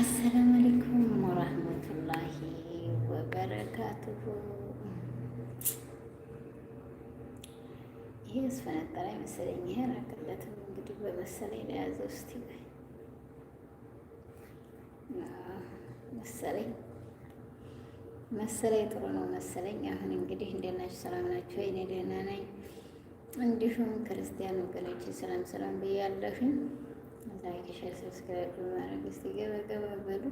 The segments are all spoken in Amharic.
አሰላም አለይኩም ወራህመቱላሂ ወበረካቱሁ። ይሄ ስፈነጠራ መሰለኝ። ይሄ ራቅለትም እንግዲህ በመሰለኝ ለያዘ ውስጥ መሰለኝ መሰለኝ ጥሩ ነው መሰለኝ። አሁን እንግዲህ እንደት ናችሁ? ሰላም ናችሁ? እኔ ደህና ነኝ። እንዲሁም ክርስቲያን ወገኖችን ሰላም ሰላም ብያለሁኝ። ላይክ፣ ሼር፣ ሰብስክራይብ በማድረግ እስቲ ገባ ገባ በሉ።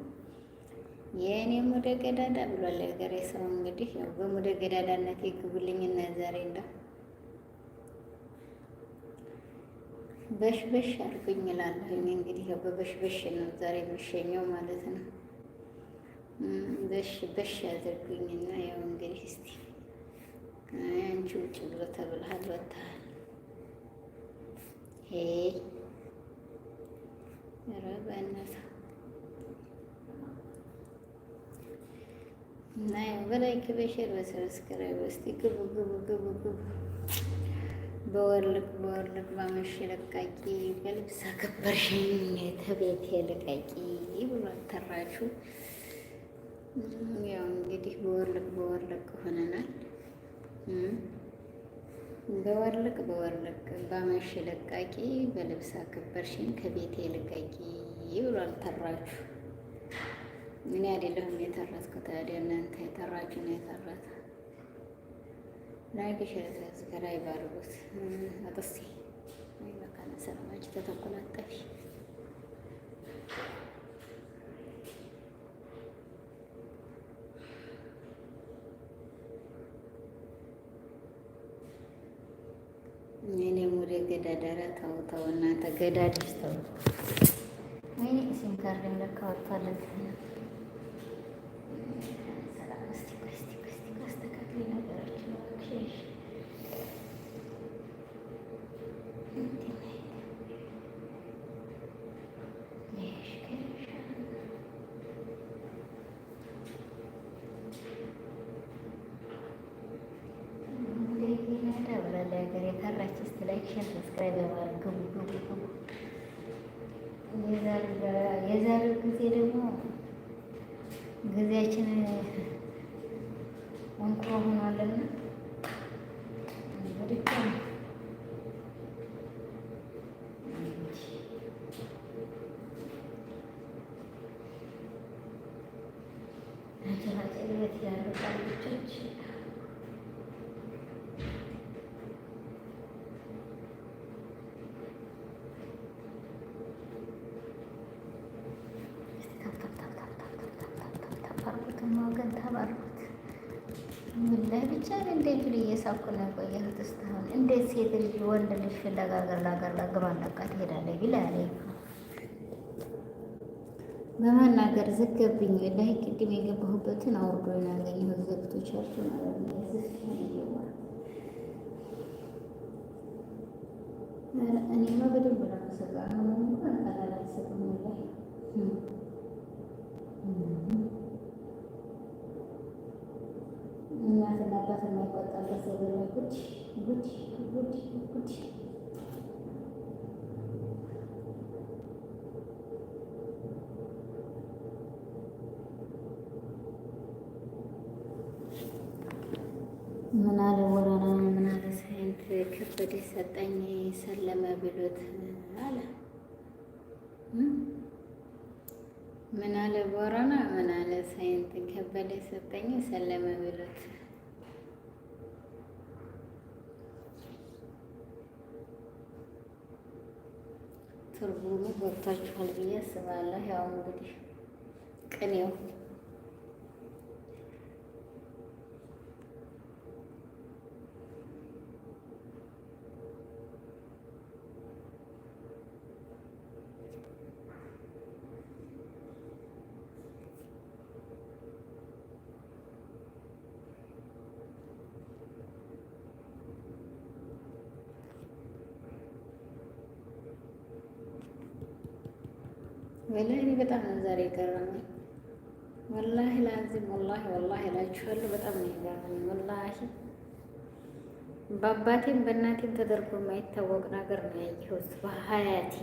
የእኔ ሙደ ገዳዳ ብሏል ሀገሬ ሰው። እንግዲህ ያው በሙደ ገዳዳነት ይግቡልኝና ዛሬ እንደው በሽበሽ አልኩኝ እላለሁኝ። እንግዲህ ያው በበሽበሽ ነው ዛሬ የምሸኘው ማለት ነው። በሽ በሽ አድርጉኝና ያው እንግዲህ እስቲ አንቺ ውጭ ብሎ ተብልሃል ወጥተሃል። ኧረ በእናትህ እና ያው በላይክ በሼር በሰብስክራይብ እስኪ ግቡ ግቡ ግቡ ግቡ። በወርልቅ በወርልቅ ባመሽ ለቃቂ በልብስ አከበርሽኝ ተቤቴ ለቃቂ ብሏል ተራቹ። ያው እንግዲህ በወርልቅ በወርልቅ ሆነናል። በወርልቅ በወርልቅ በመሽ ለቃቂ በልብስ አከበርሽኝ ከቤቴ ልቀቂ ብሏል። ተራችሁ እኔ አይደለሁም የተረትኩት። ታዲያ እናንተ የተራችሁ ነው የተረተ ላይክ ሸረተዝ ከላይ ባርጉት አጥሴ ወይ በቃ ሰላማችሁ ተተቆላጠፊ ገዳዳራ ተው ተው እናንተ ገዳድስ ተው። ወይኔ ሲም ካርድ ለካ ወጥቷል። አድርገው ይገቡ። የዛሬው ጊዜ ደግሞ ጊዜያችን እንኳ ሆኗልና ያሉ ብቻ እንዴት ብዬ እየሳኩ ነው የቆየሁት እስካሁን። እንዴት ሴት ልጅ ወንድ ልጅ ፍለጋ ሀገር ለሀገር ግሯን ለቃ ትሄዳለች ቢላለ በመናገር ዘገብኝ። ወላሂ ቅድም የገባሁበትን አውርዶ ያገኘሁት ዘግቶቻችሁ ማለት እኔማ በደንብ ላሰቃ ሆነ እንኳን አላላሰቅም ጉድ ጉድ ጉድ ጉድ ምን አለ ወረራ ምን አለ ሳይንት ከበደ ሰጠኝ ሰለመ ብሎት አለ። ምን አለ ወረራ ምን አለ ሳይንት ከበደ ሰጠኝ ሰለመ ብሎት ትርጉሙ ገብቷችኋል ብዬ አስባለሁ። ያው እንግዲህ ቅኔው ወላሂ እኔ በጣም ነው ዛሬ የገረመኝ። ወላሂ ላዚም ወላሂ ወላሂ እላችኋለሁ በጣም ነው የገረመኝ። ወላሂ በአባቴም በእናቴም ተደርጎ የማይታወቅ ነገር ነው ያየሁት በሀያቴ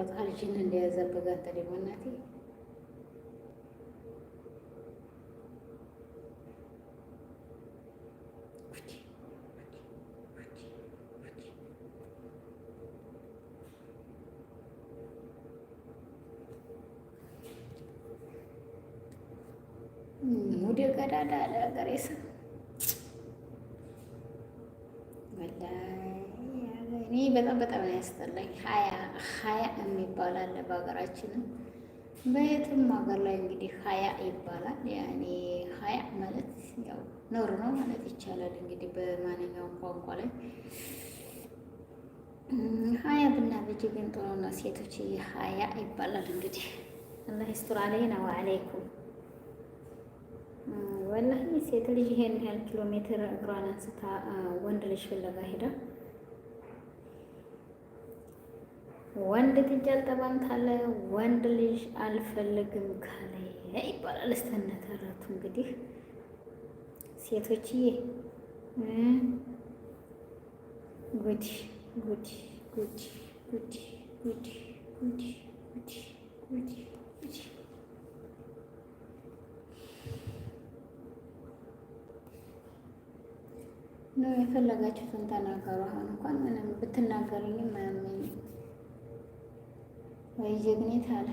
ብሏት አልጅን እንዳያዘበጋት ደግሞ እናቴ ሙዴ ቀዳዳ ለገሬሰ ወላሂ ይህ በጣም በጣም ነው ያስጠላኝ። ሀያ ሀያ የሚባል አለ በሀገራችንም በየትም ሀገር ላይ እንግዲህ ሀያ ይባላል። ያኔ ሀያ ማለት ያው ኖር ነው ማለት ይቻላል። እንግዲህ በማንኛውም ቋንቋ ላይ ሀያ ብና ልጅ ግን ጥሩ ነው። ሴቶች ሀያ ይባላል እንግዲህ እና ይስጥር አለይና ወአለይኩም። ወላሂ ሴት ልጅ ይሄን ያህል ኪሎ ሜትር እግሯን አንስታ ወንድ ልጅ ፍለጋ ሄዳ ወንድ ልጅ አልጠባምታለ ወንድ ልጅ አልፈልግም ካለ ይባላል። እስተነ ተረቱ እንግዲህ ሴቶችዬ ጉድ ጉድ ጉድ ጉድ ጉድ ጉድ ጉድ ጉድ ጉድ ነው። የፈለጋችሁትን ተናገሩ። አሁን እንኳን ምንም ብትናገሩኝም ወይ ጀግኒት አለ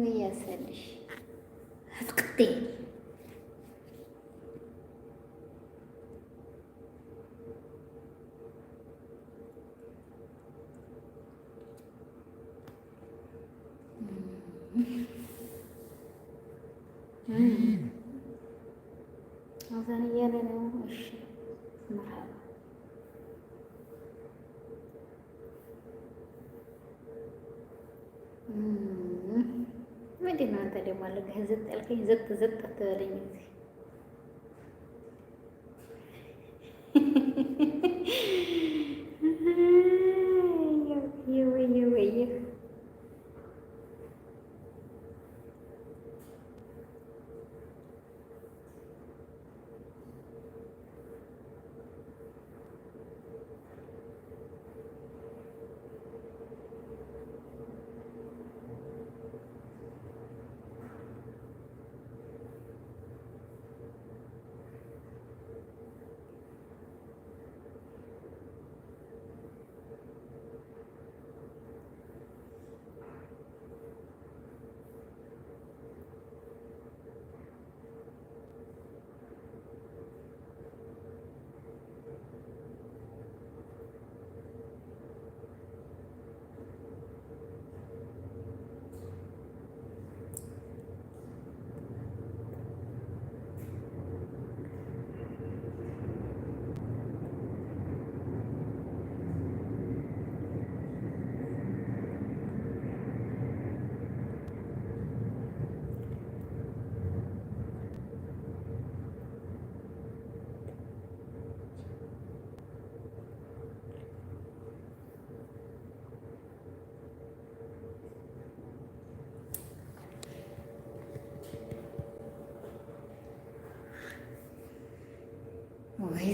ወይ ያሰልሽ አትቅጤ አዛን እያለ ነው። እሺ መርሃባ እናንተ ደግሞ አለ ዝጥ ያልከኝ ዘጥ ዝጥ ትበለኝ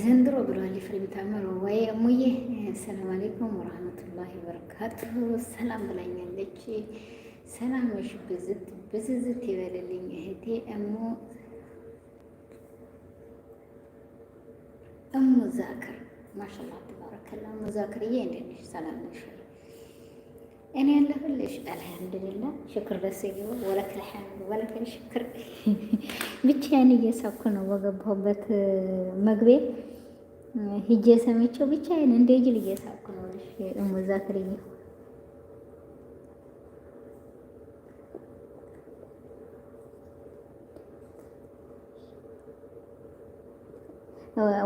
ዘንድሮ ብሏል ኤፍሬም ታምሩ። ወይ እሙዬ ሰላም አለይኩም ወራህመቱላሂ ወበረካቱ። ሰላም ብላኛለች። ሰላም ሰላምሽ ብዝት ብዝዝት ይበልልኝ እህቴ እሙ እሙ ዛክር ማሻላ ተባረከላ። እሙ ዛክርዬ እንደት ነሽ? ሰላም ነሽ? እኔ ያለሁልሽ አልሐምዱሊላ። ሽክር ደስ ይበል። ወለከል ሐምድ ወለከል ሽክር። ያን እየሳኩ ነው በገባሁበት መግቤ ሂጄ ሰምቼው ብቻዬን እንደ ጅል እየሳኩ ነው። እሙዛ ክሪኝ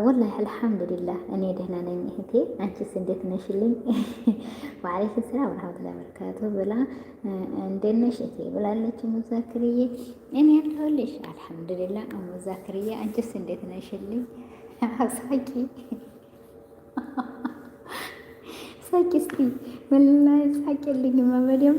ወላሂ አልሐምዱሊላህ እኔ ደህና ነኝ እህቴ፣ አንቺስ እንዴት ነሽልኝ? ወአለይኩም ሰላም ወራህመቱላሂ ወበረካቱ ብላ እንዴት ነሽ እህቴ ብላለች እሙዛ እኔ ያለሁልሽ አልሐምዱሊላህ እሙዛ አንቺስ እንዴት ነሽልኝ? ሳቂ ሳቂ፣ እስኪ ወላሂ ሳቂልኝማ በደምብ